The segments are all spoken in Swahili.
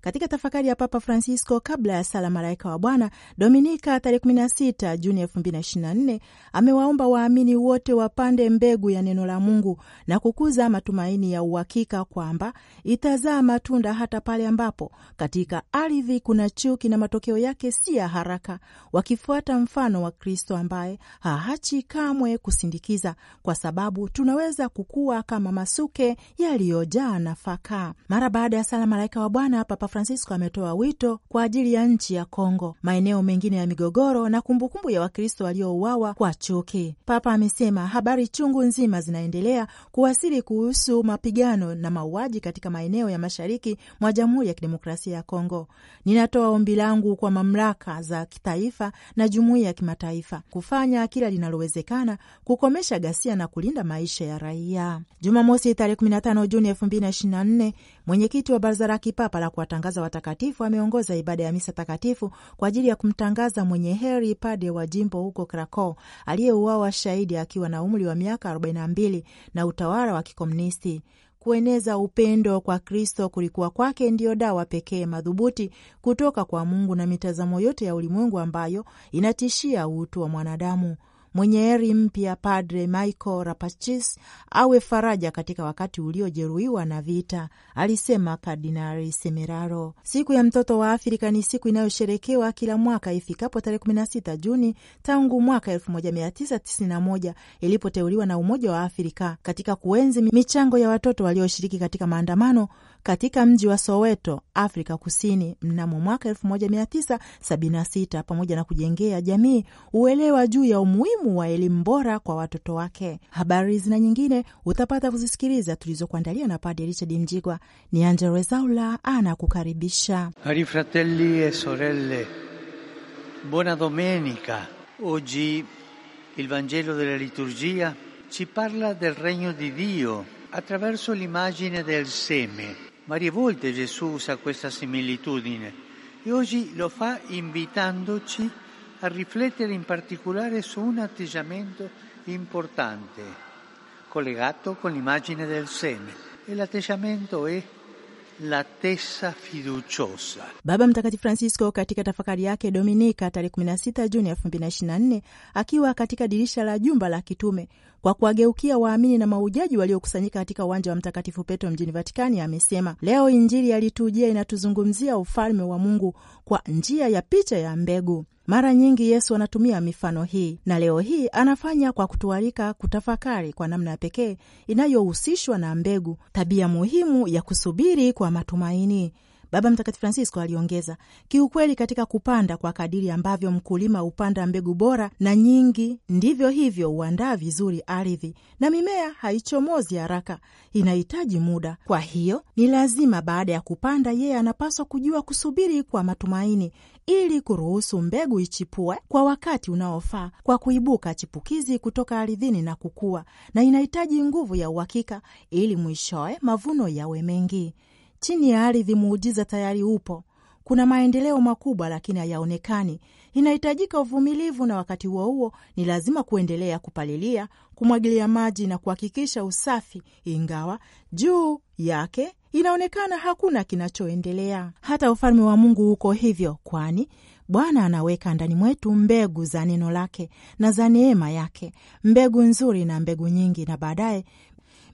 Katika tafakari ya Papa Francisco kabla ya sala Malaika wa Bwana Dominika tarehe 16 Juni 2024, amewaomba waamini wote wapande mbegu ya neno la Mungu na kukuza matumaini ya uhakika kwamba itazaa matunda hata pale ambapo katika ardhi kuna chuki na matokeo yake si ya haraka, wakifuata mfano wa Kristo ambaye haachi kamwe kusindikiza, kwa sababu tunaweza kukua kama masuke yaliyojaa nafaka. Mara baada ya sala Malaika wa Bwana Papa Francisco ametoa wito kwa ajili ya nchi ya Kongo, maeneo mengine ya migogoro na kumbukumbu ya Wakristo waliouawa kwa chuki. Papa amesema habari chungu nzima zinaendelea kuwasili kuhusu mapigano na mauaji katika maeneo ya mashariki mwa Jamhuri ya Kidemokrasia ya Kongo. Ninatoa ombi langu kwa mamlaka za kitaifa na jumuiya ya kimataifa kufanya kila linalowezekana kukomesha ghasia na kulinda maisha ya raia. Jumamosi tarehe 15 Juni 2024 Mwenyekiti wa Baraza la Kipapa la Kuwatangaza Watakatifu ameongoza ibada ya misa takatifu kwa ajili ya kumtangaza mwenye heri pade wa jimbo huko Krakow aliyeuawa shahidi akiwa na umri wa miaka 42 na utawala wa kikomunisti. Kueneza upendo kwa Kristo kulikuwa kwake ndiyo dawa pekee madhubuti kutoka kwa Mungu na mitazamo yote ya ulimwengu ambayo inatishia utu wa mwanadamu mwenye heri mpya Padre Michael Rapachis awe faraja katika wakati uliojeruhiwa na vita, alisema Kardinali Semeraro. Siku ya mtoto wa Afrika ni siku inayosherekewa kila mwaka ifikapo tarehe 16 Juni tangu mwaka 1991 ilipoteuliwa na Umoja wa Afrika katika kuenzi michango ya watoto walioshiriki katika maandamano katika mji wa Soweto, Afrika Kusini mnamo mwaka 1976 pamoja na kujengea jamii uelewa juu ya umuhimu wa elimu bora kwa watoto wake. Habari zina nyingine utapata kuzisikiliza tulizokuandalia na Padre Richard Mjigwa. Ni Angelo Rezaula anakukaribisha. Cari fratelli e sorelle, buona domenica. Oggi il Vangelo della liturgia ci parla del regno di Dio attraverso l'immagine del seme Varie volte Gesù usa questa similitudine e oggi lo fa invitandoci a riflettere in particolare su un atteggiamento importante, collegato con l'immagine del seme. E l'atteggiamento è la tesa fiduciosa. Baba Mtakatifu Francisco katika tafakari yake Dominika tarehe 16 Juni 2024 akiwa katika dirisha la jumba la kitume kwa kuwageukia waamini na maujaji waliokusanyika katika uwanja wa Mtakatifu Petro mjini Vatikani amesema, leo Injili yalitujia inatuzungumzia ufalme wa Mungu kwa njia ya picha ya mbegu. Mara nyingi Yesu anatumia mifano hii, na leo hii anafanya kwa kutualika kutafakari kwa namna ya pekee inayohusishwa na mbegu, tabia muhimu ya kusubiri kwa matumaini. Baba Mtakatifu Francisco aliongeza, kiukweli, katika kupanda, kwa kadiri ambavyo mkulima hupanda mbegu bora na nyingi, ndivyo hivyo huandaa vizuri ardhi, na mimea haichomozi haraka, inahitaji muda. Kwa hiyo ni lazima baada ya kupanda, yeye anapaswa kujua kusubiri kwa matumaini, ili kuruhusu mbegu ichipue kwa wakati unaofaa kwa kuibuka chipukizi kutoka ardhini na kukua, na inahitaji nguvu ya uhakika ili mwishoe mavuno yawe mengi. Chini ya ardhi muujiza tayari upo, kuna maendeleo makubwa, lakini hayaonekani. Inahitajika uvumilivu, na wakati huo huo ni lazima kuendelea kupalilia, kumwagilia maji na kuhakikisha usafi, ingawa juu yake inaonekana hakuna kinachoendelea. Hata ufalme wa Mungu uko hivyo, kwani Bwana anaweka ndani mwetu mbegu za neno lake na za neema yake, mbegu nzuri na mbegu nyingi, na baadaye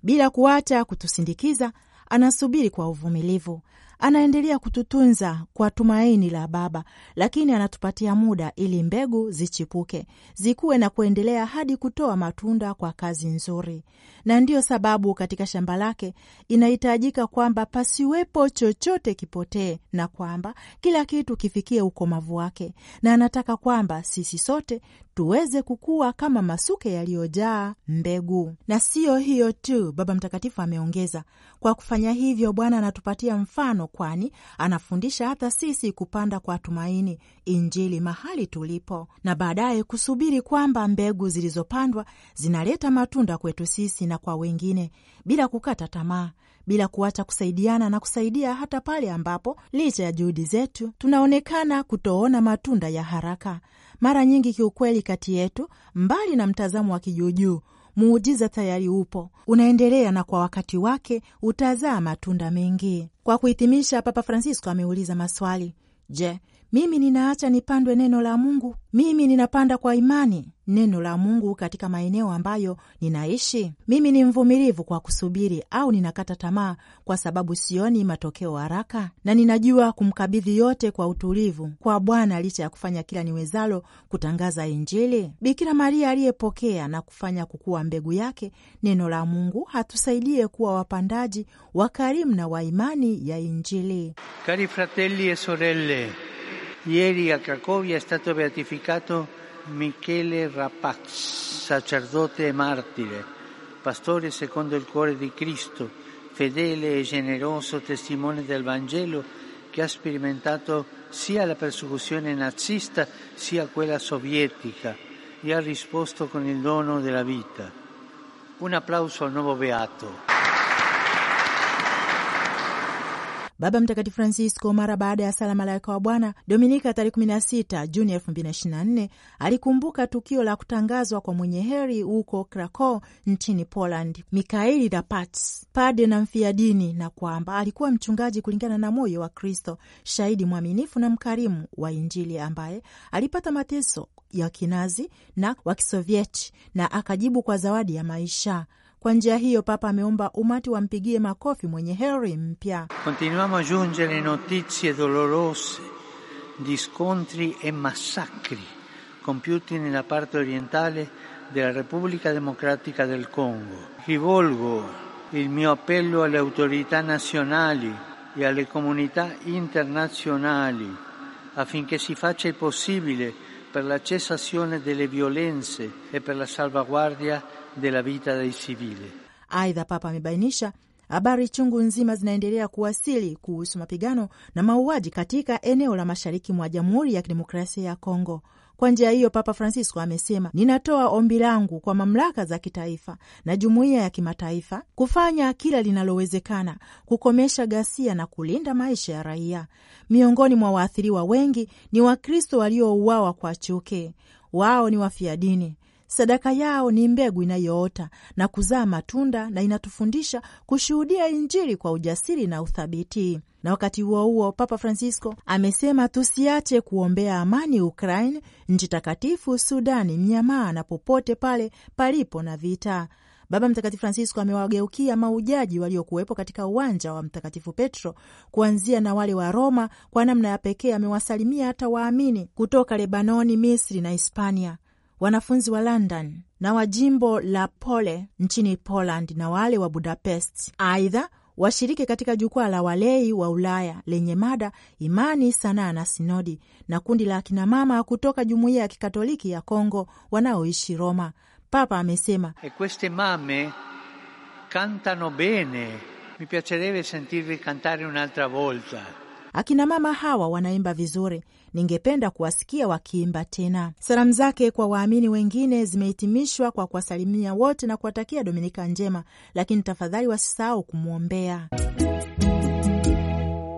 bila kuacha kutusindikiza, anasubiri kwa uvumilivu Anaendelea kututunza kwa tumaini la Baba, lakini anatupatia muda ili mbegu zichipuke, zikuwe na kuendelea hadi kutoa matunda kwa kazi nzuri. Na ndiyo sababu katika shamba lake inahitajika kwamba pasiwepo chochote kipotee, na kwamba kila kitu kifikie ukomavu wake, na anataka kwamba sisi sote tuweze kukua kama masuke yaliyojaa mbegu. Na siyo hiyo tu, Baba Mtakatifu ameongeza, kwa kufanya hivyo Bwana anatupatia mfano kwani anafundisha hata sisi kupanda kwa tumaini Injili mahali tulipo, na baadaye kusubiri kwamba mbegu zilizopandwa zinaleta matunda kwetu sisi na kwa wengine, bila kukata tamaa, bila kuacha kusaidiana na kusaidia hata pale ambapo licha ya juhudi zetu tunaonekana kutoona matunda ya haraka. Mara nyingi kiukweli, kati yetu, mbali na mtazamo wa kijuujuu muujiza tayari upo, unaendelea na kwa wakati wake utazaa matunda mengi. Kwa kuhitimisha, Papa Francisco ameuliza maswali: Je, mimi ninaacha nipandwe neno la Mungu, mimi ninapanda kwa imani neno la Mungu katika maeneo ambayo ninaishi. Mimi ni mvumilivu kwa kusubiri au ninakata tamaa kwa sababu sioni matokeo haraka, na ninajua kumkabidhi yote kwa utulivu kwa Bwana licha ya kufanya kila niwezalo kutangaza Injili. Bikira Maria aliyepokea na kufanya kukua mbegu yake neno la Mungu hatusaidie kuwa wapandaji wakarimu na wa imani ya Injili. fratelli e sorelle Ieri a Cracovia è stato beatificato Michele Rapaz, sacerdote e martire, pastore secondo il cuore di Cristo, fedele e generoso testimone del Vangelo che ha sperimentato sia la persecuzione nazista sia quella sovietica e ha risposto con il dono della vita. Un applauso al nuovo beato. Baba Mtakatifu Francisco mara baada ya sala malaika wa Bwana Dominika tarehe 16 Juni 2024 alikumbuka tukio la kutangazwa kwa mwenye heri huko Krakow nchini Poland, Mikaeli Rapatz, padre na mfia dini na kwamba alikuwa mchungaji kulingana na moyo wa Kristo, shahidi mwaminifu na mkarimu wa Injili ambaye alipata mateso ya kinazi na Kisovieti na akajibu kwa zawadi ya maisha. Kwa njia hiyo, Papa ameomba umati wampigie makofi mwenye heri mpya. Continuiamo a giungere notizie dolorose di scontri e massacri compiuti nella parte orientale della Repubblica Democratica del Congo. Rivolgo il mio appello alle autorità nazionali e alle comunità internazionali affinché si faccia il possibile per la cessazione delle violenze e per la salvaguardia della vita dei civili. Aidha, Papa amebainisha habari chungu nzima zinaendelea kuwasili kuhusu mapigano na mauaji katika eneo la mashariki mwa Jamhuri ya Kidemokrasia ya Kongo. Kwa njia hiyo, Papa Francisco amesema, ninatoa ombi langu kwa mamlaka za kitaifa na jumuiya ya kimataifa kufanya kila linalowezekana kukomesha ghasia na kulinda maisha ya raia. Miongoni mwa waathiriwa wengi ni Wakristo waliouawa kwa chuki. Wao ni wafia dini Sadaka yao ni mbegu inayoota na kuzaa matunda na inatufundisha kushuhudia Injili kwa ujasiri na uthabiti. Na wakati huo huo, Papa Francisco amesema tusiache kuombea amani Ukraine, nchi takatifu, Sudani, Myanmar na popote pale palipo na vita. Baba Mtakatifu Francisco amewageukia maujaji waliokuwepo katika uwanja wa Mtakatifu Petro, kuanzia na wale wa Roma. Kwa namna ya pekee amewasalimia hata waamini kutoka Lebanoni, Misri na Hispania wanafunzi wa London na wa jimbo la Pole nchini Poland na wale wa Budapest. Aidha, washiriki katika jukwaa la walei wa Ulaya lenye mada imani, sanaa na sinodi, na kundi la akinamama kutoka jumuiya ya kikatoliki ya Kongo wanaoishi Roma. Papa amesema e queste mamme cantano bene mi piacerebbe sentirvi cantare un'altra volta. Akinamama hawa wanaimba vizuri ningependa kuwasikia wakiimba tena. Salamu zake kwa waamini wengine zimehitimishwa kwa kuwasalimia wote na kuwatakia Dominika njema, lakini tafadhali wasisahau kumwombea.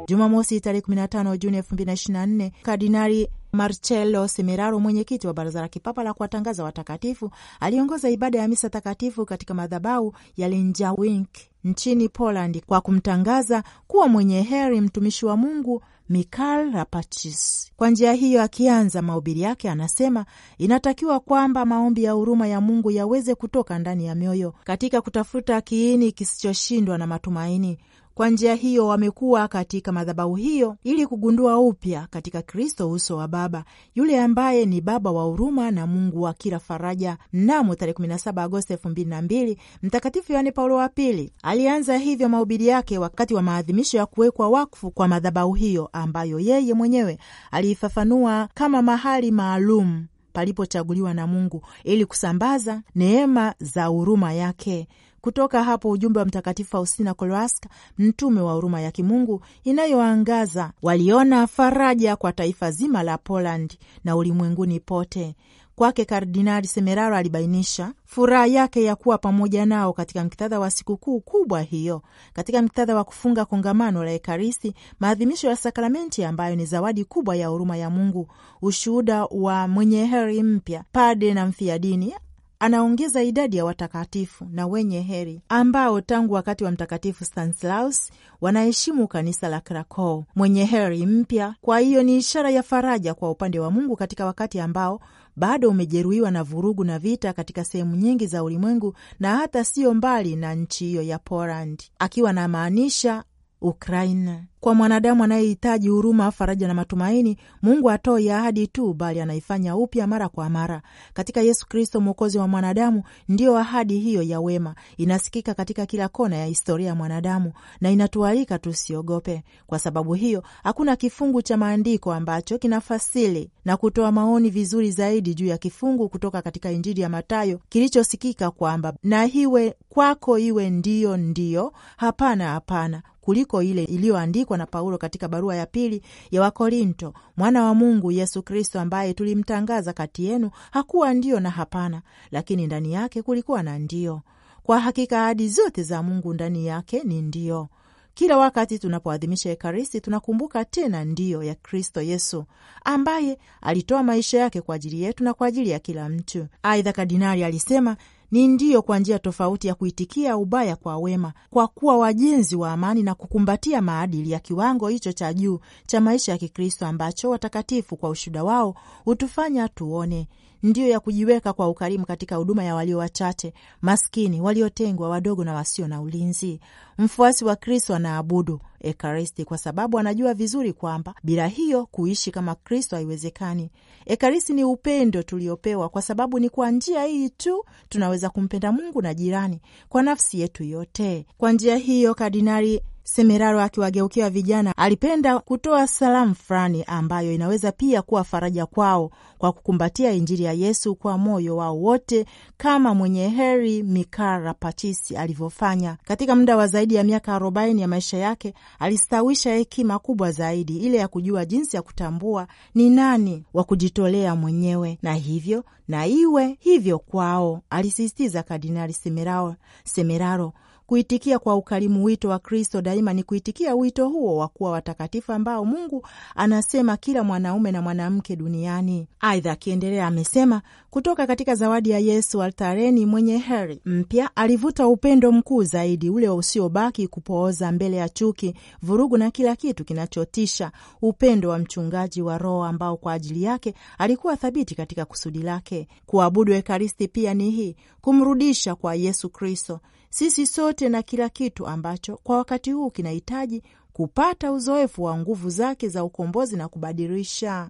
Jumamosi tarehe 15 Juni 2024 Kardinali Marcello Semeraro, mwenyekiti wa Baraza la Kipapa la Kuwatangaza Watakatifu, aliongoza ibada ya misa takatifu katika madhabahu ya Linjawink nchini Poland kwa kumtangaza kuwa mwenye heri mtumishi wa Mungu Mikal rapachis Kwa njia hiyo, akianza mahubiri yake anasema inatakiwa kwamba maombi ya huruma ya Mungu yaweze kutoka ndani ya mioyo katika kutafuta kiini kisichoshindwa na matumaini kwa njia hiyo wamekuwa katika madhabahu hiyo ili kugundua upya katika Kristo uso wa Baba, yule ambaye ni Baba wa huruma na Mungu wa kila faraja. Mnamo tarehe 17 Agosti 2002 Mtakatifu Yohane Paulo wa Pili alianza hivyo mahubiri yake wakati wa maadhimisho ya kuwekwa wakfu kwa madhabahu hiyo ambayo yeye mwenyewe aliifafanua kama mahali maalum palipochaguliwa na Mungu ili kusambaza neema za huruma yake kutoka hapo ujumbe wa Mtakatifu Faustina Kowalska, mtume wa huruma ya Kimungu inayoangaza, waliona faraja kwa taifa zima la Polandi na ulimwenguni pote. Kwake Kardinali Semeraro alibainisha furaha yake ya kuwa pamoja nao katika mktadha wa sikukuu kubwa hiyo, katika mktadha wa kufunga kongamano la Ekaristi, maadhimisho ya sakramenti ambayo ni zawadi kubwa ya huruma ya Mungu, ushuhuda wa mwenye heri mpya, pade na mfiadini anaongeza idadi ya watakatifu na wenye heri ambao tangu wakati wa Mtakatifu Stanislaus wanaheshimu kanisa la Krakow, mwenye heri mpya. Kwa hiyo ni ishara ya faraja kwa upande wa Mungu katika wakati ambao bado umejeruhiwa na vurugu na vita katika sehemu nyingi za ulimwengu na hata siyo mbali na nchi hiyo ya Poland, akiwa anamaanisha Ukraine. Kwa mwanadamu anayehitaji huruma, faraja na matumaini, Mungu atoi ahadi tu, bali anaifanya upya mara kwa mara. Katika Yesu Kristo, mwokozi wa mwanadamu, ndiyo ahadi hiyo ya wema inasikika katika kila kona ya historia ya mwanadamu na inatualika tusiogope. Kwa sababu hiyo, hakuna kifungu cha maandiko ambacho kinafasili na kutoa maoni vizuri zaidi juu ya kifungu kutoka katika Injili ya matayo kilichosikika kwamba na hiwe kwako iwe ndiyo ndiyo, hapana hapana, kuliko ile iliyoandikwa na Paulo katika barua ya pili ya Wakorinto. Mwana wa Mungu Yesu Kristo, ambaye tulimtangaza kati yenu, hakuwa ndiyo na hapana, lakini ndani yake kulikuwa na ndiyo. Kwa hakika ahadi zote za Mungu ndani yake ni ndiyo. Kila wakati tunapoadhimisha Ekaristi tunakumbuka tena ndiyo ya Kristo Yesu ambaye alitoa maisha yake kwa ajili yetu na kwa ajili ya kila mtu. Aidha, kardinali alisema ni ndiyo kwa njia tofauti ya kuitikia ubaya kwa wema, kwa kuwa wajenzi wa amani na kukumbatia maadili ya kiwango hicho cha juu cha maisha ya Kikristo ambacho watakatifu kwa ushuhuda wao hutufanya tuone ndiyo ya kujiweka kwa ukarimu katika huduma ya walio wachache, maskini, waliotengwa, wadogo na wasio na ulinzi. Mfuasi wa Kristo anaabudu Ekaristi kwa sababu anajua vizuri kwamba bila hiyo kuishi kama Kristo haiwezekani. Ekaristi ni upendo tuliopewa, kwa sababu ni kwa njia hii tu tunaweza kumpenda Mungu na jirani kwa nafsi yetu yote. Kwa njia hiyo Kardinali Semeraro akiwageukia vijana, alipenda kutoa salamu fulani ambayo inaweza pia kuwa faraja kwao kwa kukumbatia Injili ya Yesu kwa moyo wao wote kama mwenye heri Mikal Rapachisi alivyofanya. Katika muda wa zaidi ya miaka arobaini ya maisha yake alistawisha hekima kubwa zaidi, ile ya kujua jinsi ya kutambua ni nani wa kujitolea mwenyewe, na hivyo na iwe hivyo kwao, alisisitiza Kardinali Semeraro. Semeraro Kuitikia kwa ukarimu wito wa Kristo daima ni kuitikia wito huo wa kuwa watakatifu ambao Mungu anasema kila mwanaume na mwanamke duniani. Aidha, akiendelea amesema, kutoka katika zawadi ya Yesu altareni, mwenye heri mpya alivuta upendo mkuu zaidi, ule usiobaki kupooza mbele ya chuki, vurugu na kila kitu kinachotisha, upendo wa mchungaji wa roho ambao kwa ajili yake alikuwa thabiti katika kusudi lake. Kuabudu Ekaristi pia ni hii kumrudisha kwa Yesu Kristo sisi sote na kila kitu ambacho kwa wakati huu kinahitaji kupata uzoefu wa nguvu zake za ukombozi na kubadilisha.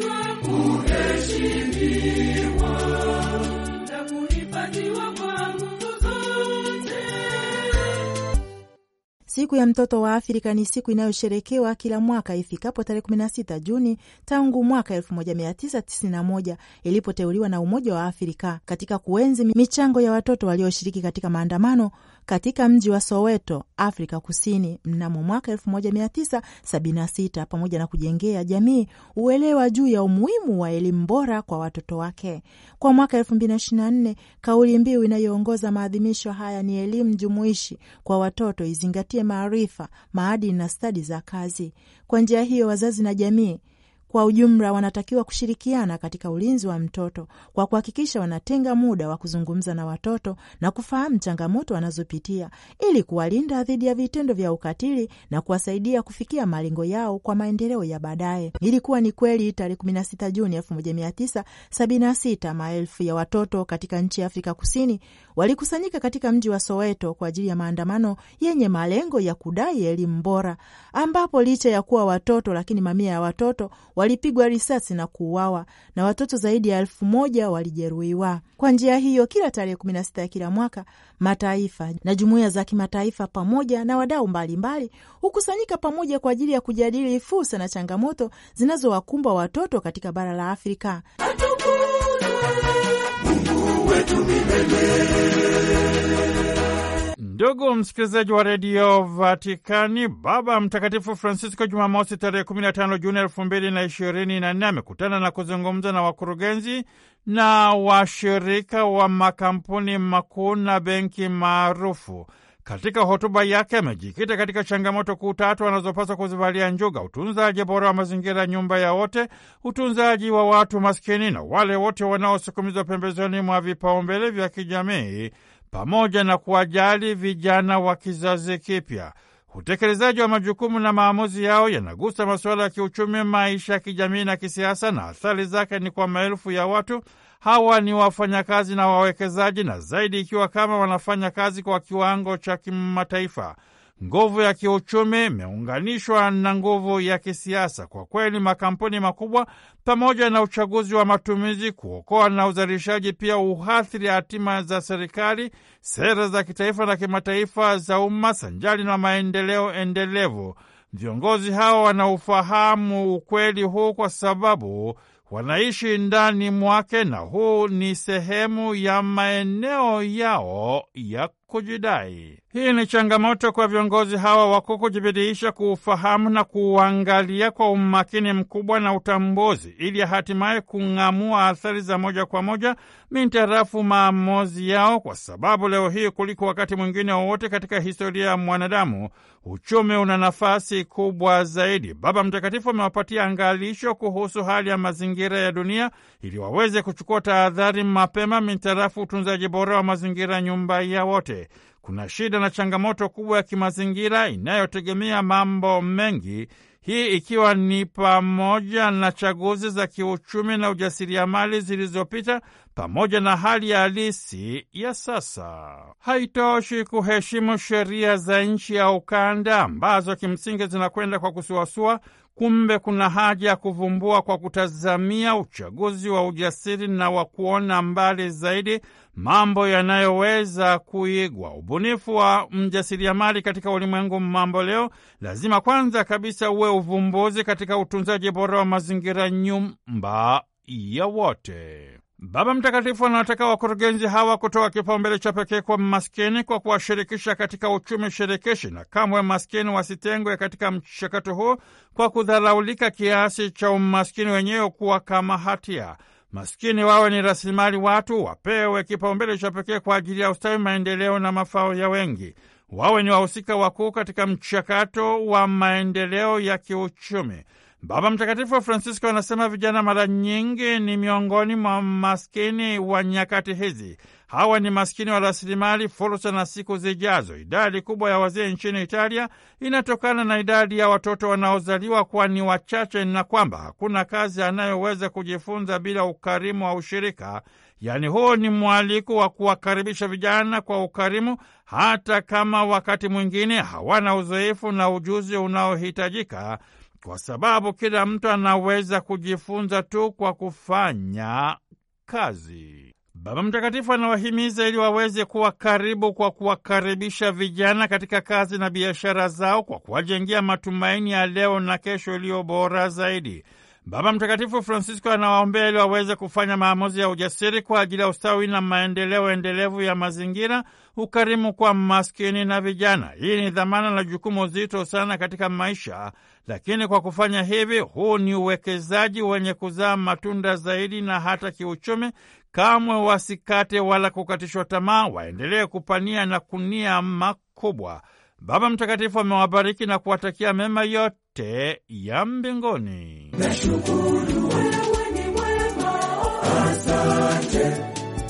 kwa kuheshimiwa Siku ya mtoto wa Afrika ni siku inayosherekewa kila mwaka ifikapo tarehe 16 Juni tangu mwaka 1991 ilipoteuliwa na Umoja wa Afrika katika kuenzi michango ya watoto walioshiriki katika maandamano katika mji wa Soweto, Afrika Kusini mnamo mwaka 1976 pamoja na kujengea jamii uelewa juu ya umuhimu wa elimu bora kwa watoto wake. Kwa mwaka 2024 kauli mbiu inayoongoza maadhimisho haya ni elimu jumuishi kwa watoto izingatie maarifa, maadili na stadi za kazi. Kwa njia hiyo wazazi na jamii kwa ujumla, wanatakiwa kushirikiana katika ulinzi wa mtoto kwa kuhakikisha wanatenga muda wa kuzungumza na watoto na kufahamu changamoto wanazopitia ili kuwalinda dhidi ya vitendo vya ukatili na kuwasaidia kufikia malengo yao kwa maendeleo ya baadaye. Ilikuwa ni kweli tarehe 16 Juni 1976 maelfu ya watoto katika nchi ya Afrika Kusini walikusanyika katika mji wa Soweto kwa ajili ya maandamano yenye malengo ya kudai elimu bora, ambapo licha ya kuwa watoto lakini mamia ya watoto wali walipigwa risasi na kuuawa na watoto zaidi ya elfu moja walijeruhiwa. Kwa njia hiyo, kila tarehe kumi na sita ya kila mwaka mataifa na jumuiya za kimataifa pamoja na wadau mbalimbali hukusanyika pamoja kwa ajili ya kujadili fursa na changamoto zinazowakumba watoto katika bara la Afrika. Atukuna, Mungu wetu milele. Ndugu msikilizaji wa redio Vatikani, Baba Mtakatifu Francisco Jumamosi tarehe 15 Juni 2024 amekutana na kuzungumza na wakurugenzi na washirika wa makampuni makuu na benki maarufu. Katika hotuba yake amejikita katika changamoto kuu tatu anazopaswa kuzivalia njuga: utunzaji bora wa mazingira, nyumba ya wote, utunzaji wa watu maskini na wale wote wanaosukumizwa pembezoni mwa vipaumbele vya kijamii pamoja na kuwajali vijana wa kizazi kipya. Utekelezaji wa majukumu na maamuzi yao yanagusa masuala ya kiuchumi, maisha ya kijamii na kisiasa, na athari zake ni kwa maelfu ya watu. Hawa ni wafanyakazi na wawekezaji, na zaidi ikiwa kama wanafanya kazi kwa kiwango cha kimataifa. Nguvu ya kiuchumi imeunganishwa na nguvu ya kisiasa. Kwa kweli, makampuni makubwa pamoja na uchaguzi wa matumizi, kuokoa na uzalishaji pia uhathiri hatima za serikali, sera za kitaifa na kimataifa za umma, sanjali na maendeleo endelevu. Viongozi hao wanaufahamu ukweli huu kwa sababu wanaishi ndani mwake na huu ni sehemu ya maeneo yao ya kujidai. Hii ni changamoto kwa viongozi hawa wakuu kujibidiisha kuufahamu na kuuangalia kwa umakini mkubwa na utambuzi, ili hatimaye kung'amua athari za moja kwa moja mintarafu maamuzi yao, kwa sababu leo hii kuliko wakati mwingine wowote katika historia ya mwanadamu uchumi una nafasi kubwa zaidi. Baba Mtakatifu amewapatia angalisho kuhusu hali ya mazingira ya dunia ili waweze kuchukua tahadhari mapema mintarafu utunzaji bora wa mazingira, nyumba ya wote kuna shida na changamoto kubwa ya kimazingira inayotegemea mambo mengi, hii ikiwa ni pamoja na chaguzi za kiuchumi na ujasiriamali zilizopita pamoja na hali ya halisi ya sasa. Haitoshi kuheshimu sheria za nchi ya ukanda ambazo kimsingi zinakwenda kwa kusuasua Kumbe kuna haja ya kuvumbua kwa kutazamia uchaguzi wa ujasiri na wa kuona mbali zaidi mambo yanayoweza kuigwa. Ubunifu wa mjasiriamali katika ulimwengu mambo leo lazima kwanza kabisa uwe uvumbuzi katika utunzaji bora wa mazingira, nyumba ya wote. Baba Mtakatifu anawataka wakurugenzi hawa kutoa kipaumbele cha pekee kwa maskini kwa kuwashirikisha katika uchumi shirikishi, na kamwe maskini wasitengwe katika mchakato huo kwa kudharaulika kiasi cha umaskini wenyewe kuwa kama hatia. Maskini wawe ni rasilimali watu, wapewe kipaumbele cha pekee kwa ajili ya ustawi, maendeleo na mafao ya wengi. Wawe ni wahusika wakuu katika mchakato wa maendeleo ya kiuchumi. Baba Mtakatifu Francisco anasema vijana mara nyingi ni miongoni mwa maskini wa nyakati hizi. Hawa ni maskini wa rasilimali, fursa na siku zijazo. Idadi kubwa ya wazee nchini Italia inatokana na idadi ya watoto wanaozaliwa kuwa ni wachache, na kwamba hakuna kazi anayoweza kujifunza bila ukarimu wa ushirika. Yaani, huo ni mwaliko wa kuwakaribisha vijana kwa ukarimu, hata kama wakati mwingine hawana uzoefu na ujuzi unaohitajika kwa sababu kila mtu anaweza kujifunza tu kwa kufanya kazi. Baba Mtakatifu anawahimiza ili waweze kuwa karibu kwa kuwakaribisha vijana katika kazi na biashara zao kwa kuwajengea matumaini ya leo na kesho iliyo bora zaidi. Baba Mtakatifu Francisco anawaombea ili waweze kufanya maamuzi ya ujasiri kwa ajili ya ustawi na maendeleo endelevu ya mazingira ukarimu kwa maskini na vijana. Hii ni dhamana na jukumu zito sana katika maisha, lakini kwa kufanya hivi, huu ni uwekezaji wenye kuzaa matunda zaidi, na hata kiuchumi. Kamwe wasikate wala kukatishwa tamaa, waendelee kupania na kunia makubwa. Baba Mtakatifu amewabariki na kuwatakia mema yote ya mbinguni. Nashukuru wewe ni mwema, asante.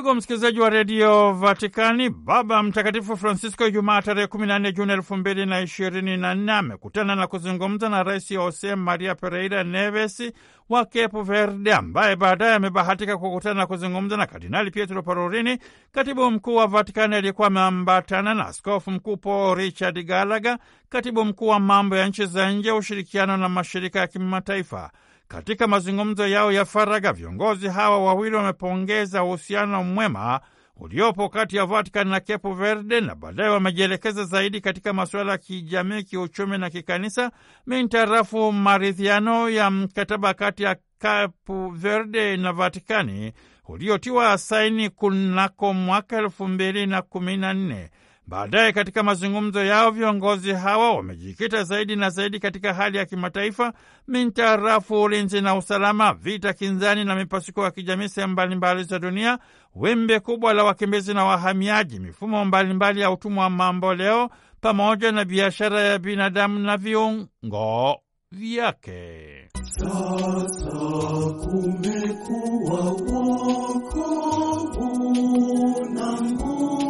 Ndugu msikilizaji wa redio Vatikani, Baba Mtakatifu Francisco Ijumaa tarehe 14 Juni 2024 amekutana na kuzungumza na Rais Jose Maria Pereira Neves wa Cape Verde, ambaye baadaye amebahatika kukutana na kuzungumza na Kardinali Pietro parorini katibu mkuu wa Vatikani aliyekuwa ameambatana na askofu mkuu Paul Richard Gallagher, katibu mkuu wa mambo ya nchi za nje, ushirikiano na mashirika ya kimataifa. Katika mazungumzo yao ya faragha, viongozi hawa wawili wamepongeza uhusiano mwema uliopo kati ya Vatikani na Cape Verde na baadaye wamejielekeza zaidi katika masuala ya kijamii, kiuchumi na kikanisa mintarafu maridhiano ya mkataba kati ya Cape Verde na Vatikani uliotiwa saini kunako mwaka elfu mbili na kumi na nne. Baadaye katika mazungumzo yao viongozi hawa wamejikita zaidi na zaidi katika hali ya kimataifa mintarafu ulinzi na usalama, vita kinzani na mipasuko ya kijamii sehemu mbalimbali za dunia, wimbi kubwa la wakimbizi na wahamiaji, mifumo mbalimbali mbali ya utumwa wa mamboleo, pamoja na biashara ya binadamu na viungo vyake. Sasa kumekuwa wokovu na nguvu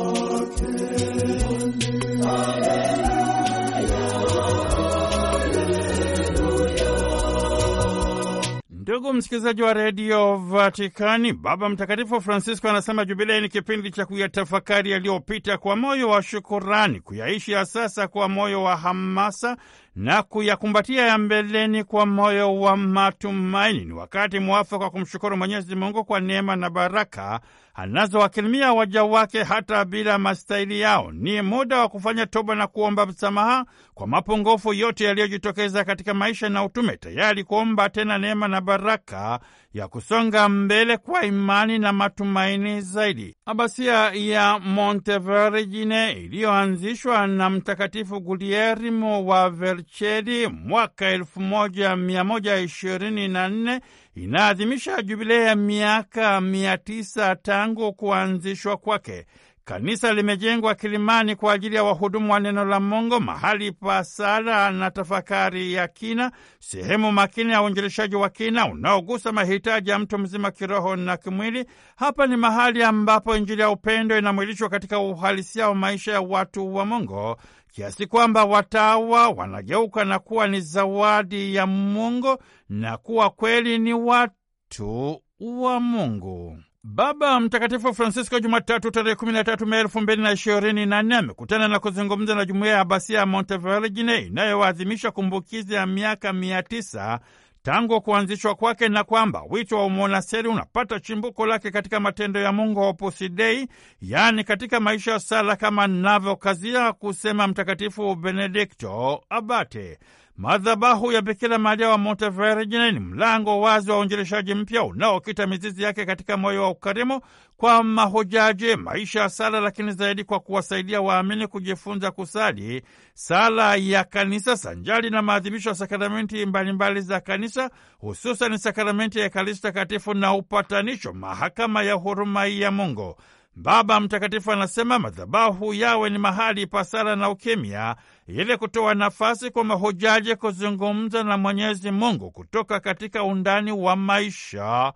Ndugu msikilizaji wa redio Vatikani, Baba Mtakatifu Francisco anasema jubilei ni kipindi cha kuyatafakari yaliyopita kwa moyo wa shukurani, kuyaishi ya sasa kwa moyo wa hamasa na kuyakumbatia ya mbeleni kwa moyo wa matumaini. Ni wakati mwafaka wa kumshukuru Mwenyezi Mungu kwa neema na baraka anazowakirimia waja wake hata bila mastahili yao. Ni muda wa kufanya toba na kuomba msamaha kwa mapungufu yote yaliyojitokeza katika maisha na utume, tayari kuomba tena neema na baraka ya kusonga mbele kwa imani na matumaini zaidi. Abasia ya Montevergine iliyoanzishwa na Mtakatifu Guglielmo wa Vercelli mwaka 1124 inaadhimisha jubilei ya miaka 900 tangu kuanzishwa kwake. Kanisa limejengwa Kilimani kwa ajili ya wahudumu wa neno la Mungu, mahali pa sala na tafakari ya kina, sehemu makini ya uinjilishaji wa kina unaogusa mahitaji ya mtu mzima kiroho na kimwili. Hapa ni mahali ambapo Injili ya upendo inamwilishwa katika uhalisia wa maisha ya watu wa Mungu, kiasi kwamba watawa wanageuka na kuwa ni zawadi ya Mungu na kuwa kweli ni watu wa Mungu. Baba Mtakatifu Francisco Jumatatu tarehe kumi na tatu Mei elfu mbili na ishirini na nne amekutana na kuzungumza na jumuiya ya Abasia ya Montevergine inayowaadhimisha kumbukizi ya miaka mia tisa tangu kuanzishwa kwake na kwamba wito wa umonaseri unapata chimbuko lake katika matendo ya Mungu wa Opus Dei, yaani katika maisha ya sala, kama navyokazia kusema Mtakatifu Benedikto Abate. Madhabahu ya Bikira Maria wa Monte Vergine ni mlango wazi wa uinjilishaji mpya unaokita mizizi yake katika moyo wa ukarimu kwa mahujaji, maisha ya sala, lakini zaidi kwa kuwasaidia waamini kujifunza kusali sala ya kanisa sanjali na maadhimisho ya sakramenti mbalimbali za kanisa, hususan sakramenti ya Ekaristi Takatifu na upatanisho, mahakama ya huruma ya Mungu. Baba Mtakatifu anasema madhabahu yawe ni mahali pa sala na ukimya, ili kutoa nafasi kwa mahujaji kuzungumza na Mwenyezi Mungu kutoka katika undani wa maisha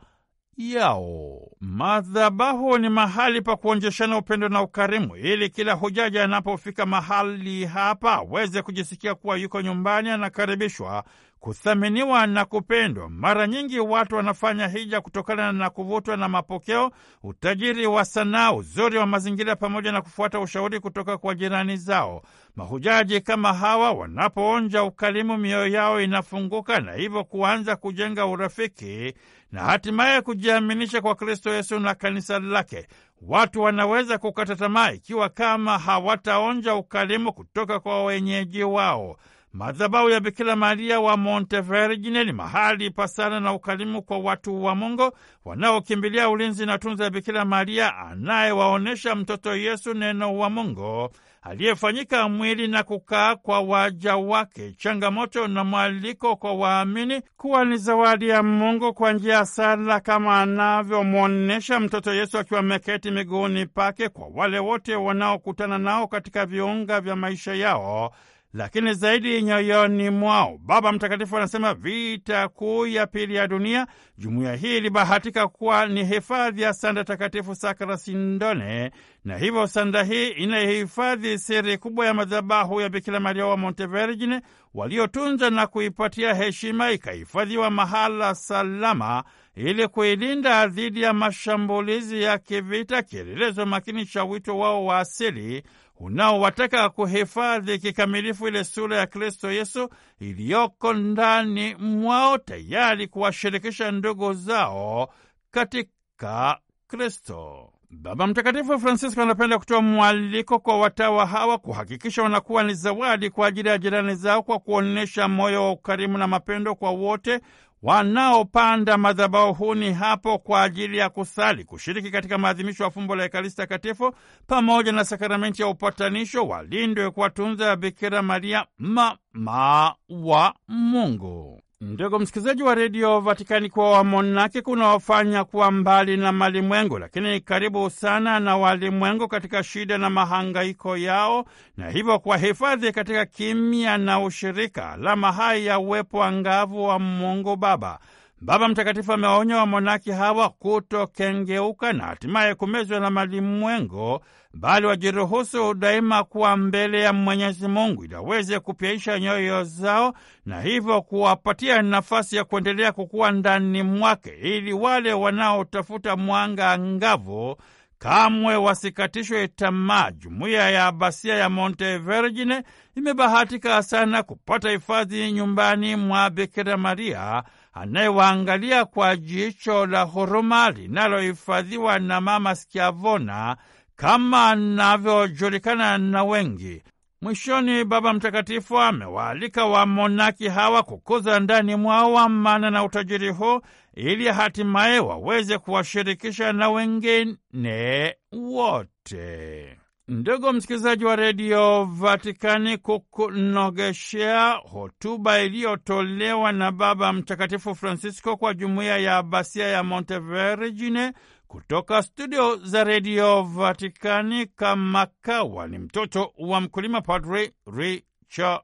yao. Madhabahu ni mahali pa kuonjeshana upendo na ukarimu, ili kila hujaji anapofika mahali hapa aweze kujisikia kuwa yuko nyumbani, anakaribishwa kuthaminiwa na kupendwa. Mara nyingi watu wanafanya hija kutokana na kuvutwa na mapokeo, utajiri wa sanaa, uzuri wa mazingira, pamoja na kufuata ushauri kutoka kwa jirani zao. Mahujaji kama hawa wanapoonja ukarimu, mioyo yao inafunguka na hivyo kuanza kujenga urafiki na hatimaye kujiaminisha kwa Kristo Yesu na kanisa lake. Watu wanaweza kukata tamaa ikiwa kama hawataonja ukarimu kutoka kwa wenyeji wao. Madhabahu ya Bikira Maria wa Montevergine ni mahali pasana na ukarimu kwa watu wa Mungu wanaokimbilia ulinzi na tunza ya Bikira Maria anayewaonyesha mtoto Yesu neno wa Mungu aliyefanyika mwili na kukaa kwa waja wake. Changamoto na mwaliko kwa waamini kuwa ni zawadi ya Mungu kwa njia ya sala, kama anavyomwonyesha mtoto Yesu akiwa ameketi miguuni pake, kwa wale wote wanaokutana nao katika viunga vya maisha yao lakini zaidi nyoyoni mwao. Baba Mtakatifu anasema vita kuu ya pili ya dunia, jumuiya hii ilibahatika kuwa ni hifadhi ya sanda takatifu Sakra Sindone, na hivyo sanda hii inayohifadhi siri kubwa ya madhabahu ya Bikira Maria wa Montevergine waliotunza na kuipatia heshima, ikahifadhiwa mahala salama ili kuilinda dhidi ya mashambulizi ya kivita, kielelezo makini cha wito wao wa asili unaowataka kuhifadhi kikamilifu ile sura ya Kristo Yesu iliyoko ndani mwao, tayari kuwashirikisha ndugu zao katika Kristo. Baba Mtakatifu Francisco anapenda kutoa mwaliko kwa watawa hawa kuhakikisha wanakuwa ni zawadi kwa ajili ya jirani zao kwa kuonyesha moyo wa ukarimu na mapendo kwa wote wanaopanda madhabahuni hapo kwa ajili ya kusali, kushiriki katika maadhimisho ya fumbo la Ekaristi Takatifu pamoja na sakramenti ya upatanisho, walindwe kwa tunza ya Bikira Maria, mama wa Mungu. Ndugu msikilizaji wa redio Vatikani, kwa wamonaki kunaofanya kuwa mbali na malimwengu, lakini karibu sana na walimwengu katika shida na mahangaiko yao, na hivyo kwa hifadhi katika kimya na ushirika, alama hai ya uwepo angavu wa Mungu Baba. Baba Mtakatifu amewaonya wamonaki hawa kutokengeuka na hatimaye kumezwa na malimwengu bali wajiruhusu daima kuwa mbele ya Mwenyezi Mungu ili aweze kupyaisha nyoyo zao na hivyo kuwapatia nafasi ya kuendelea kukuwa ndani mwake, ili wale wanaotafuta mwanga angavu kamwe wasikatishwe tamaa. Jumuiya ya Abasia ya Montevergine imebahatika sana kupata hifadhi nyumbani mwa Bikira Maria anayewaangalia kwa jicho la huruma linalohifadhiwa na Mama Schiavona kama anavyojulikana na wengi. Mwishoni, Baba Mtakatifu amewaalika wamonaki hawa kukuza ndani mwao amana na utajiri huu ili hatimaye waweze kuwashirikisha na wengine wote. Ndugu msikilizaji wa redio Vatikani, kukunogeshea hotuba iliyotolewa na Baba Mtakatifu Francisco kwa jumuiya ya Abasia ya Montevergine kutoka studio za redio Vatikani. Kama kawa ni mtoto wa mkulima, Padre Richard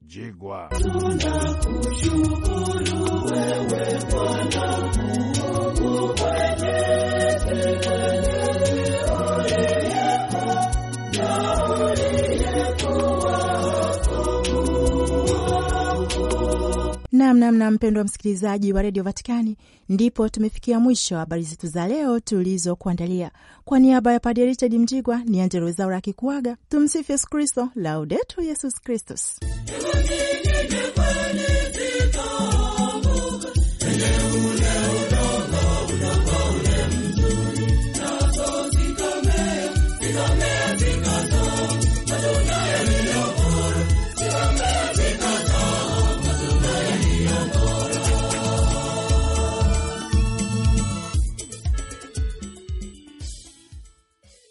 Mjigwa. namnamna wa msikilizaji wa redio Vatikani, ndipo tumefikia mwisho habari zetu za leo tulizokuandalia. Kwa, kwa niaba ya Padre Richard Mjigwa ni Angelo Zaura akikuaga. Tumsifu Yesu Kristo, laudetu Yesus Kristus.